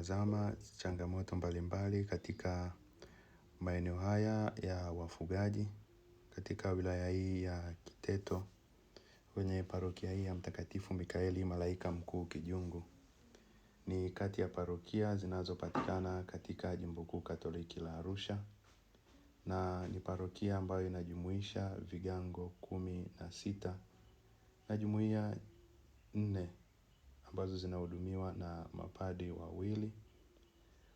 kutazama changamoto mbalimbali katika maeneo haya ya wafugaji katika wilaya hii ya Kiteto kwenye parokia hii ya Mtakatifu Mikaeli Malaika Mkuu Kijungu. Ni kati ya parokia zinazopatikana katika Jimbo Kuu Katoliki la Arusha na ni parokia ambayo inajumuisha vigango kumi na sita na jumuiya nne ambazo zinahudumiwa na mapadi wawili.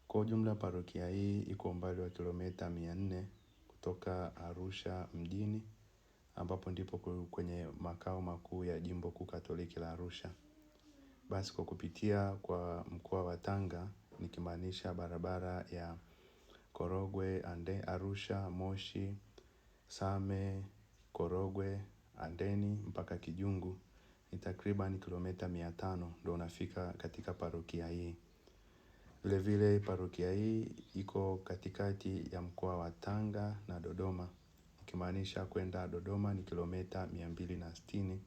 Kwa ujumla parokia hii iko umbali wa kilomita mia nne kutoka Arusha mjini ambapo ndipo kwenye makao makuu ya jimbo kuu katoliki la Arusha. Basi kwa kupitia kwa mkoa wa Tanga nikimaanisha barabara ya Korogwe Ande Arusha Moshi Same Korogwe Andeni mpaka Kijungu ni takriban kilomita mia tano ndo unafika katika parokia hii. Vile vile parokia hii iko katikati ya mkoa wa Tanga na Dodoma, ikimaanisha kwenda Dodoma ni kilomita mia mbili na sitini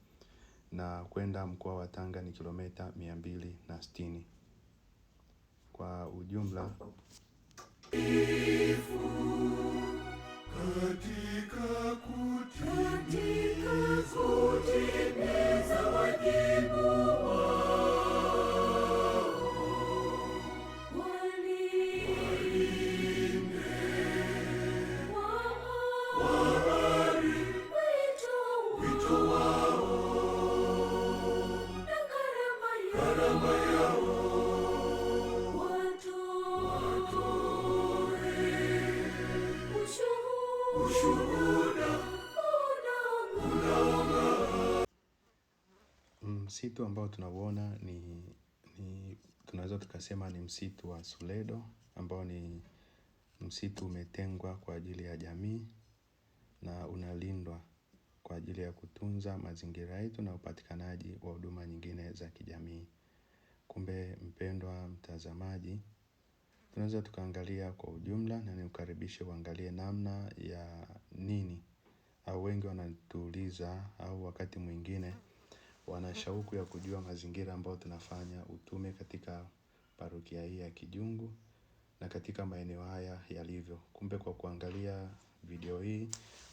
na kwenda mkoa wa Tanga ni kilomita mia mbili na sitini kwa ujumla katika kutimia. Msitu ambao tunauona ni tunaweza tukasema ni msitu wa Suledo ambao ni msitu umetengwa kwa ajili ya jamii na unalindwa kwa ajili ya kutunza mazingira yetu na upatikanaji wa huduma nyingine za kijamii. Kumbe mpendwa mtazamaji, tunaweza tukaangalia kwa ujumla na niukaribishe uangalie namna ya nini au wengi wanatuuliza au wakati mwingine wana shauku ya kujua mazingira ambayo tunafanya utume katika parokia hii ya Kijungu na katika maeneo haya yalivyo. Kumbe kwa kuangalia video hii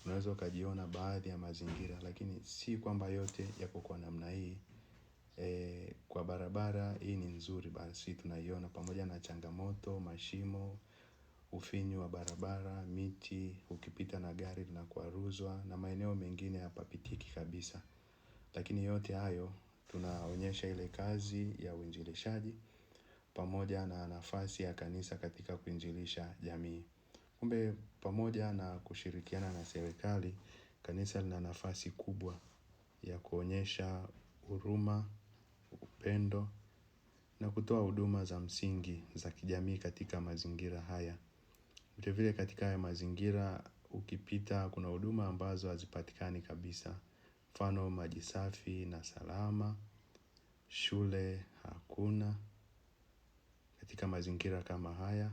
unaweza ukajiona baadhi ya mazingira, lakini si kwamba yote yako kwa namna hii. E, kwa barabara hii ni nzuri basi tunaiona pamoja na changamoto, mashimo, ufinyu wa barabara, miti, ukipita na gari linakuaruzwa na maeneo mengine hapapitiki kabisa. Lakini yote hayo tunaonyesha ile kazi ya uinjilishaji pamoja na nafasi ya kanisa katika kuinjilisha jamii. Kumbe pamoja na kushirikiana na serikali, kanisa lina nafasi kubwa ya kuonyesha huruma, upendo na kutoa huduma za msingi za kijamii katika mazingira haya. Vile vile katika haya mazingira ukipita kuna huduma ambazo hazipatikani kabisa mfano maji safi na salama, shule hakuna katika mazingira kama haya,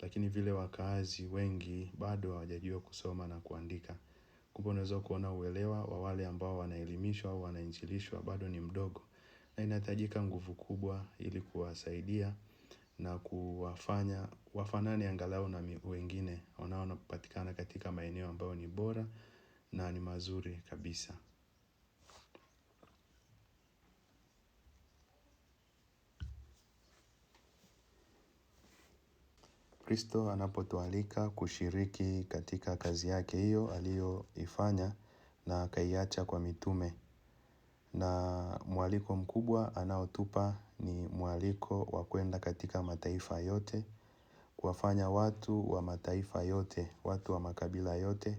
lakini vile wakaazi wengi bado hawajajua kusoma na kuandika. Kumbe unaweza kuona uelewa wa wale ambao wanaelimishwa au wanainjilishwa bado ni mdogo na inahitajika nguvu kubwa ili kuwasaidia na kuwafanya wafanane angalau na wengine wanaopatikana katika maeneo ambayo ni bora na ni mazuri kabisa. Kristo anapotualika kushiriki katika kazi yake hiyo aliyoifanya na akaiacha kwa mitume. Na mwaliko mkubwa anaotupa ni mwaliko wa kwenda katika mataifa yote, kuwafanya watu wa mataifa yote, watu wa makabila yote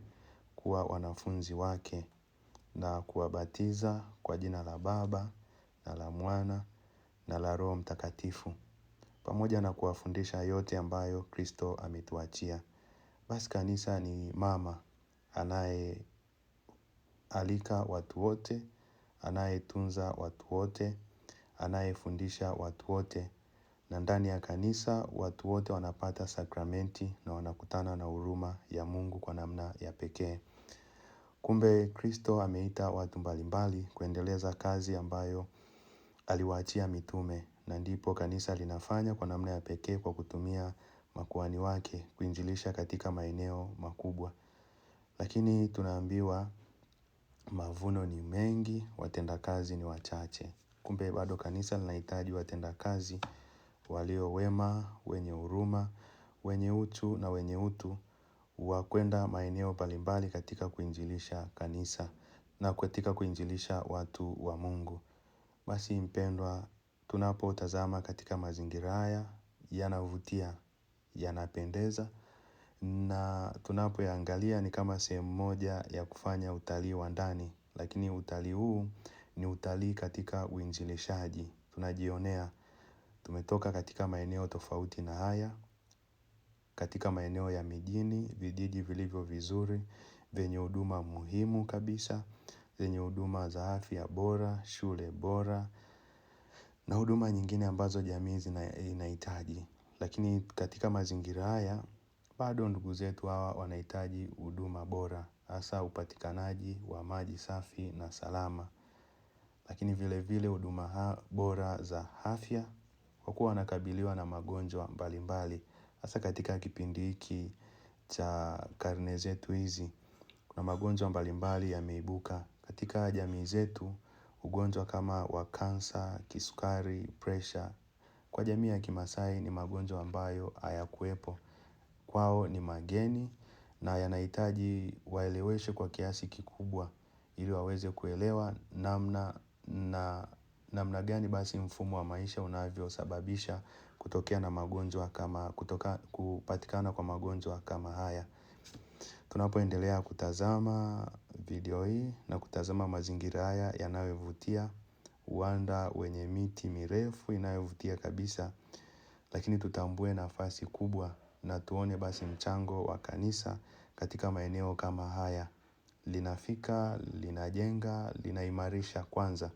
kuwa wanafunzi wake na kuwabatiza kwa jina la Baba na la Mwana na la Roho Mtakatifu pamoja na kuwafundisha yote ambayo kristo ametuachia. Basi kanisa ni mama anayealika watu wote, anayetunza watu wote, anayefundisha watu wote. Na ndani ya kanisa watu wote wanapata sakramenti na wanakutana na huruma ya Mungu kwa namna ya pekee. Kumbe kristo ameita watu mbalimbali kuendeleza kazi ambayo aliwaachia mitume na ndipo kanisa linafanya kwa namna ya pekee kwa kutumia makuhani wake kuinjilisha katika maeneo makubwa. Lakini tunaambiwa mavuno ni mengi, watendakazi ni wachache. Kumbe bado kanisa linahitaji watendakazi walio wema, wenye huruma, wenye utu na wenye utu wa kwenda maeneo mbalimbali katika kuinjilisha kanisa na katika kuinjilisha watu wa Mungu. Basi mpendwa, tunapotazama katika mazingira haya yanavutia, yanapendeza na tunapoyaangalia ni kama sehemu moja ya kufanya utalii wa ndani lakini utalii huu ni utalii katika uinjilishaji. Tunajionea tumetoka katika maeneo tofauti na haya, katika maeneo ya mijini, vijiji vilivyo vizuri, vyenye huduma muhimu kabisa, zenye huduma za afya bora, shule bora, na huduma nyingine ambazo jamii inahitaji. Lakini katika mazingira haya, bado ndugu zetu hawa wanahitaji huduma bora hasa upatikanaji wa maji safi na salama. Lakini vile vile huduma bora za afya kwa kuwa wanakabiliwa na magonjwa mbalimbali hasa katika kipindi hiki cha karne zetu hizi kuna magonjwa mbalimbali yameibuka katika jamii zetu. Ugonjwa kama wa kansa, kisukari, presha. Kwa jamii ya kimasai ni magonjwa ambayo hayakuwepo. Kwao ni mageni na yanahitaji waeleweshwe kwa kiasi kikubwa ili waweze kuelewa namna gani basi mfumo wa maisha unavyosababisha kutokea na magonjwa kama kupatikana kwa magonjwa kama haya. Tunapoendelea kutazama video hii na kutazama mazingira haya yanayovutia, uwanda wenye miti mirefu inayovutia kabisa. Lakini tutambue nafasi kubwa na tuone basi mchango wa kanisa katika maeneo kama haya. Linafika, linajenga, linaimarisha kwanza.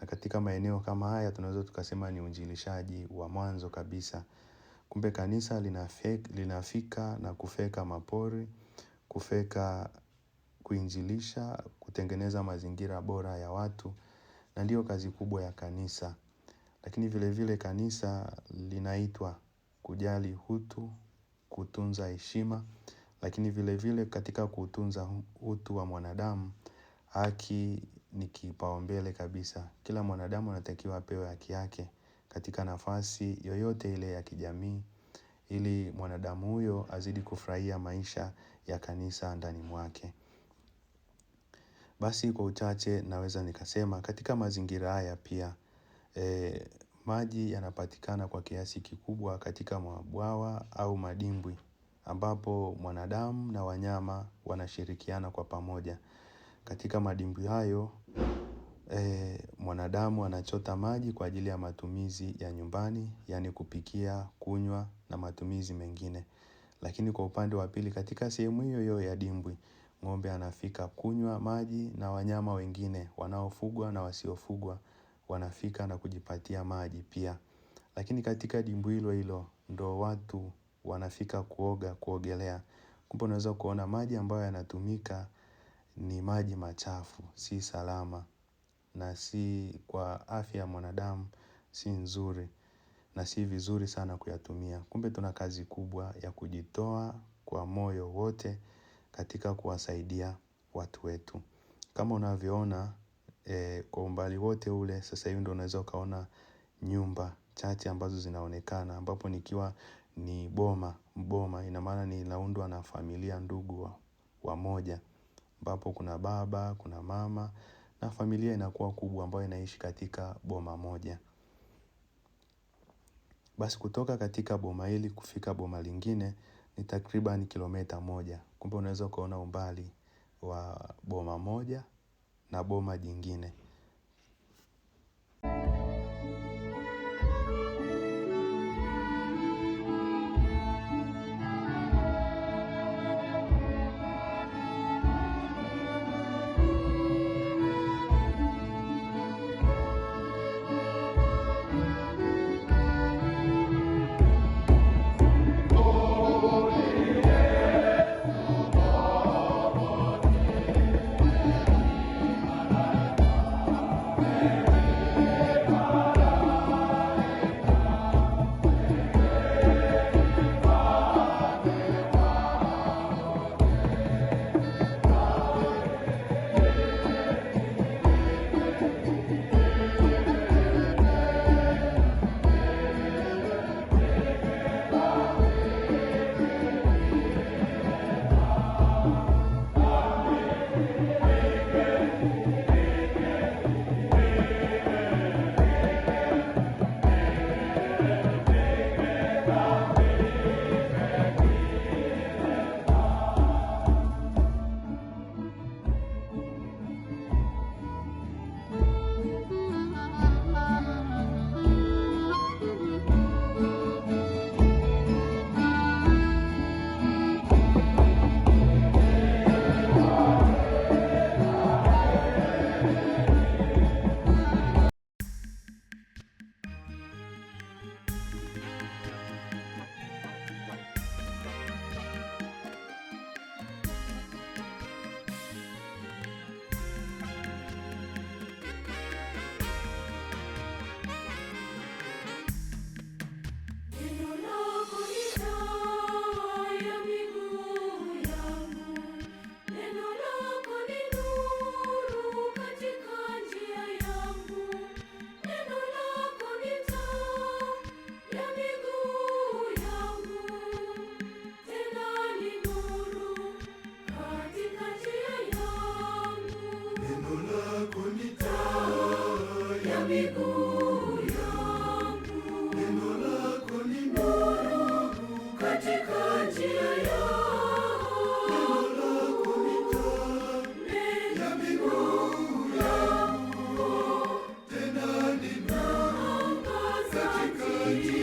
Na katika maeneo kama haya tunaweza tukasema ni uinjilishaji wa mwanzo kabisa. Kumbe kanisa linafika na kufeka mapori, kufeka kuinjilisha, kutengeneza mazingira bora ya watu na ndiyo kazi kubwa ya kanisa. Lakini vile vile kanisa linaitwa kujali utu, kutunza heshima, lakini vile vile katika kutunza utu wa mwanadamu, haki ni kipaumbele kabisa. Kila mwanadamu anatakiwa apewe haki yake katika nafasi yoyote ile ya kijamii ili mwanadamu huyo azidi kufurahia maisha ya kanisa ndani mwake. Basi kwa uchache naweza nikasema katika mazingira haya pia e, maji yanapatikana kwa kiasi kikubwa katika mabwawa au madimbwi ambapo mwanadamu na wanyama wanashirikiana kwa pamoja. Katika madimbwi hayo, e, mwanadamu anachota maji kwa ajili ya matumizi ya nyumbani, yaani kupikia, kunywa na matumizi mengine. Lakini kwa upande wa pili katika sehemu hiyo hiyo ya dimbwi, ng'ombe anafika kunywa maji na wanyama wengine wanaofugwa na wasiofugwa wanafika na kujipatia maji pia. Lakini katika dimbwi hilo hilo ndo watu wanafika kuoga kuogelea. Kumbe unaweza kuona maji ambayo yanatumika ni maji machafu, si salama na si kwa afya ya mwanadamu, si nzuri na si vizuri sana kuyatumia. Kumbe tuna kazi kubwa ya kujitoa kwa moyo wote katika kuwasaidia watu wetu. Kama unavyoona eh, kwa umbali wote ule sasa hivi ndo unaweza ukaona nyumba chache ambazo zinaonekana ambapo nikiwa ni boma boma ina maana inaundwa na familia ndugu wamoja ambapo kuna baba, kuna mama na familia inakuwa kubwa ambayo inaishi katika boma moja. Basi kutoka katika boma hili kufika boma lingine ni takriban kilomita moja kumbe unaweza ukaona umbali wa boma moja na boma jingine. Bye.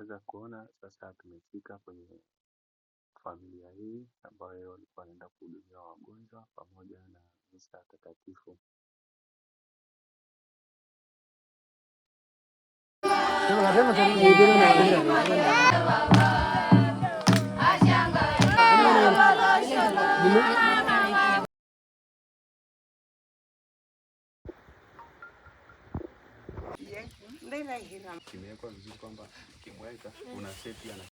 Tunapoweza kuona sasa tumefika kwenye familia hii ambayo walikuwa wanaenda kuhudumia wagonjwa pamoja na misa takatifu. kimewekwa vizuri kwamba kimweka una seti ana